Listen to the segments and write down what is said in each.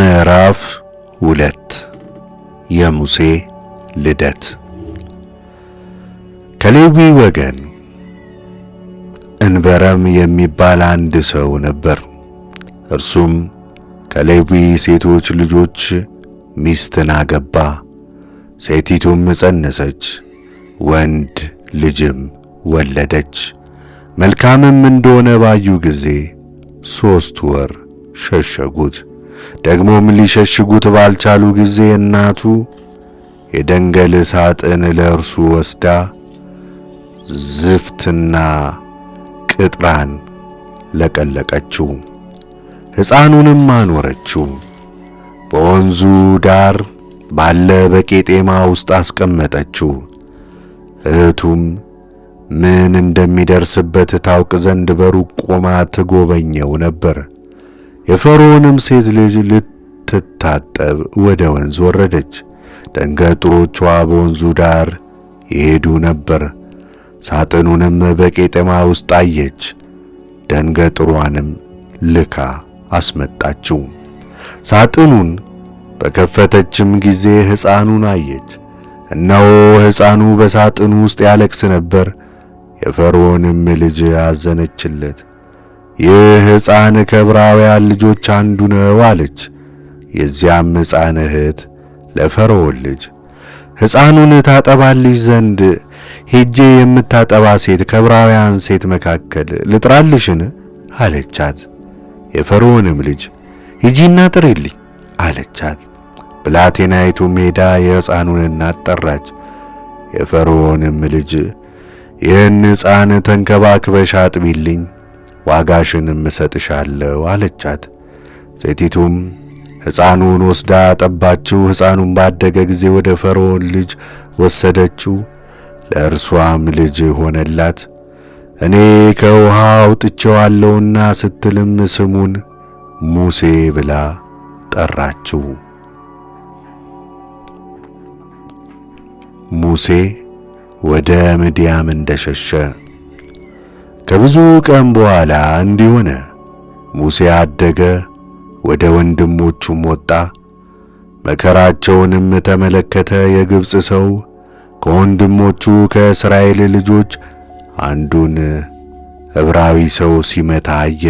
ምዕራፍ ሁለት የሙሴ ልደት ከሌዊ ወገን እንበረም የሚባል አንድ ሰው ነበር። እርሱም ከሌዊ ሴቶች ልጆች ሚስትን አገባ። ሴቲቱም ጸነሰች፣ ወንድ ልጅም ወለደች። መልካምም እንደሆነ ባዩ ጊዜ ሦስት ወር ሸሸጉት። ደግሞም ሊሸሽጉት ባልቻሉ ጊዜ እናቱ የደንገል ሳጥን ለእርሱ ወስዳ ዝፍትና ቅጥራን ለቀለቀችው፣ ሕፃኑንም አኖረችው። በወንዙ ዳር ባለ በቄጤማ ውስጥ አስቀመጠችው። እህቱም ምን እንደሚደርስበት ታውቅ ዘንድ በሩቅ ቆማ ትጎበኘው ነበር። የፈርዖንም ሴት ልጅ ልትታጠብ ወደ ወንዝ ወረደች። ደንገጥሮቿ በወንዙ ዳር ይሄዱ ነበር። ሳጥኑንም በቄጠማ ውስጥ አየች። ደንገጥሯንም ልካ አስመጣችው። ሳጥኑን በከፈተችም ጊዜ ሕፃኑን አየች። እነሆ ሕፃኑ በሳጥኑ ውስጥ ያለቅስ ነበር። የፈርዖንም ልጅ አዘነችለት። ይህ ሕፃን ከዕብራውያን ልጆች አንዱ ነው አለች። የዚያም ሕፃን እህት ለፈርዖን ልጅ ሕፃኑን ታጠባልሽ ዘንድ ሄጄ የምታጠባ ሴት ከዕብራውያን ሴት መካከል ልጥራልሽን? አለቻት። የፈርዖንም ልጅ ሂጂና ጥሪልኝ አለቻት። ብላቴናይቱ ሜዳ የሕፃኑን እናት ጠራች። የፈርዖንም ልጅ ይህን ሕፃን ተንከባክበሽ አጥቢልኝ ዋጋሽንም እሰጥሻለሁ አለቻት። ሴቲቱም ሕፃኑን ወስዳ አጠባችው። ሕፃኑን ባደገ ጊዜ ወደ ፈርዖን ልጅ ወሰደችው፣ ለእርሷም ልጅ ሆነላት። እኔ ከውሃ አውጥቼዋለሁና ስትልም ስሙን ሙሴ ብላ ጠራችው። ሙሴ ወደ ምድያም እንደሸሸ ከብዙ ቀን በኋላ እንዲህ ሆነ። ሙሴ አደገ፣ ወደ ወንድሞቹም ወጣ፣ መከራቸውንም ተመለከተ። የግብፅ ሰው ከወንድሞቹ ከእስራኤል ልጆች አንዱን ዕብራዊ ሰው ሲመታ አየ።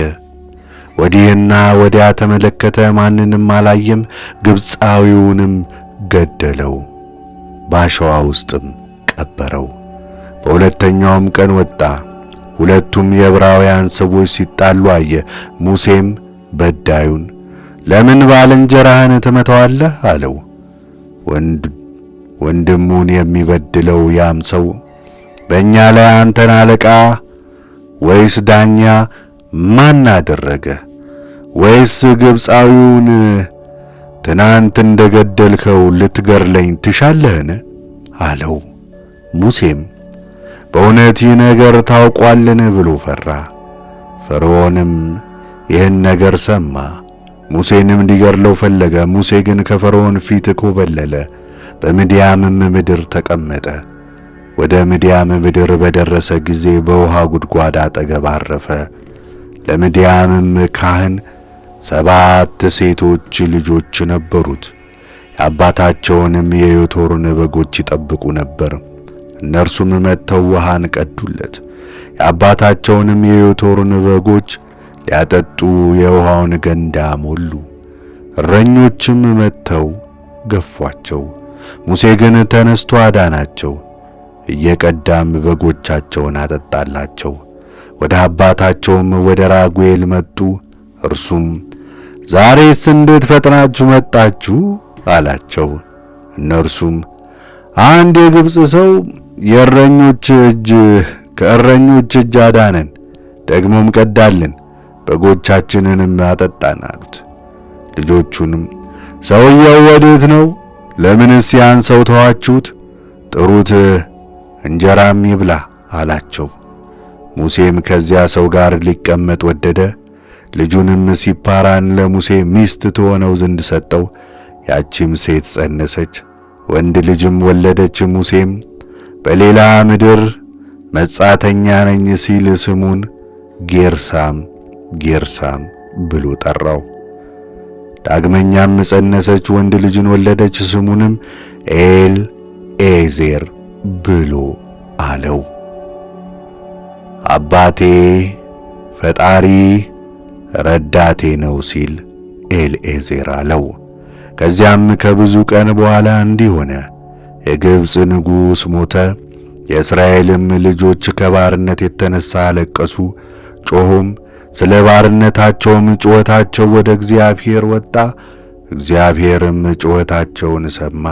ወዲህና ወዲያ ተመለከተ፣ ማንንም አላየም። ግብፃዊውንም ገደለው፣ ባሸዋ ውስጥም ቀበረው። በሁለተኛውም ቀን ወጣ ሁለቱም የዕብራውያን ሰዎች ሲጣሉ አየ። ሙሴም በዳዩን ለምን ባልንጀራህን ትመታዋለህ አለው። ወንድሙን የሚበድለው ያም ሰው በእኛ ላይ አንተን አለቃ ወይስ ዳኛ ማን አደረገ? ወይስ ግብፃዊውን ትናንት እንደ ገደልከው ልትገርለኝ ትሻለህን? አለው ሙሴም በእውነት ይህ ነገር ታውቋልን ብሎ ፈራ። ፈርዖንም ይህን ነገር ሰማ፣ ሙሴንም ሊገድለው ፈለገ። ሙሴ ግን ከፈርዖን ፊት ኮበለለ፣ በምድያምም ምድር ተቀመጠ። ወደ ምድያም ምድር በደረሰ ጊዜ በውሃ ጉድጓድ አጠገብ አረፈ። ለምድያምም ካህን ሰባት ሴቶች ልጆች ነበሩት። የአባታቸውንም የዮቶርን በጎች ይጠብቁ ነበር። እነርሱም መጥተው ውሃን ቀዱለት። የአባታቸውንም የዮቶርን በጎች ሊያጠጡ የውሃውን ገንዳ ሞሉ። እረኞችም መጥተው ገፏቸው። ሙሴ ግን ተነስቶ አዳናቸው፣ እየቀዳም በጎቻቸውን አጠጣላቸው። ወደ አባታቸውም ወደ ራጉኤል መጡ። እርሱም ዛሬስ እንዴት ፈጥናችሁ መጣችሁ? አላቸው። እነርሱም አንድ የግብፅ ሰው የእረኞች እጅ ከእረኞች እጅ አዳነን፣ ደግሞም ቀዳልን፣ በጎቻችንንም አጠጣን አሉት። ልጆቹንም ሰውየው ወዴት ነው? ለምንስ ያን ሰው ተዋችሁት? ጥሩት፣ እንጀራም ይብላ አላቸው። ሙሴም ከዚያ ሰው ጋር ሊቀመጥ ወደደ። ልጁንም ሲፓራን ለሙሴ ሚስት ትሆነው ዘንድ ሰጠው። ያቺም ሴት ጸነሰች፣ ወንድ ልጅም ወለደች። ሙሴም በሌላ ምድር መጻተኛ ነኝ ሲል ስሙን ጌርሳም ጌርሳም ብሎ ጠራው። ዳግመኛም ጸነሰች፣ ወንድ ልጅን ወለደች። ስሙንም ኤል ኤዜር ብሎ አለው። አባቴ ፈጣሪ ረዳቴ ነው ሲል ኤልኤዜር አለው። ከዚያም ከብዙ ቀን በኋላ እንዲህ ሆነ። የግብፅ ንጉሥ ሞተ። የእስራኤልም ልጆች ከባርነት የተነሳ አለቀሱ፣ ጮኹም። ስለ ባርነታቸውም ጩኸታቸው ወደ እግዚአብሔር ወጣ። እግዚአብሔርም ጩኸታቸውን ሰማ።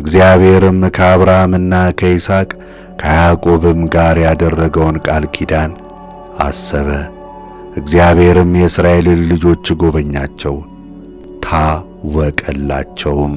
እግዚአብሔርም ከአብርሃምና ከይስሐቅ ከያዕቆብም ጋር ያደረገውን ቃል ኪዳን አሰበ። እግዚአብሔርም የእስራኤልን ልጆች ጎበኛቸው፣ ታወቀላቸውም።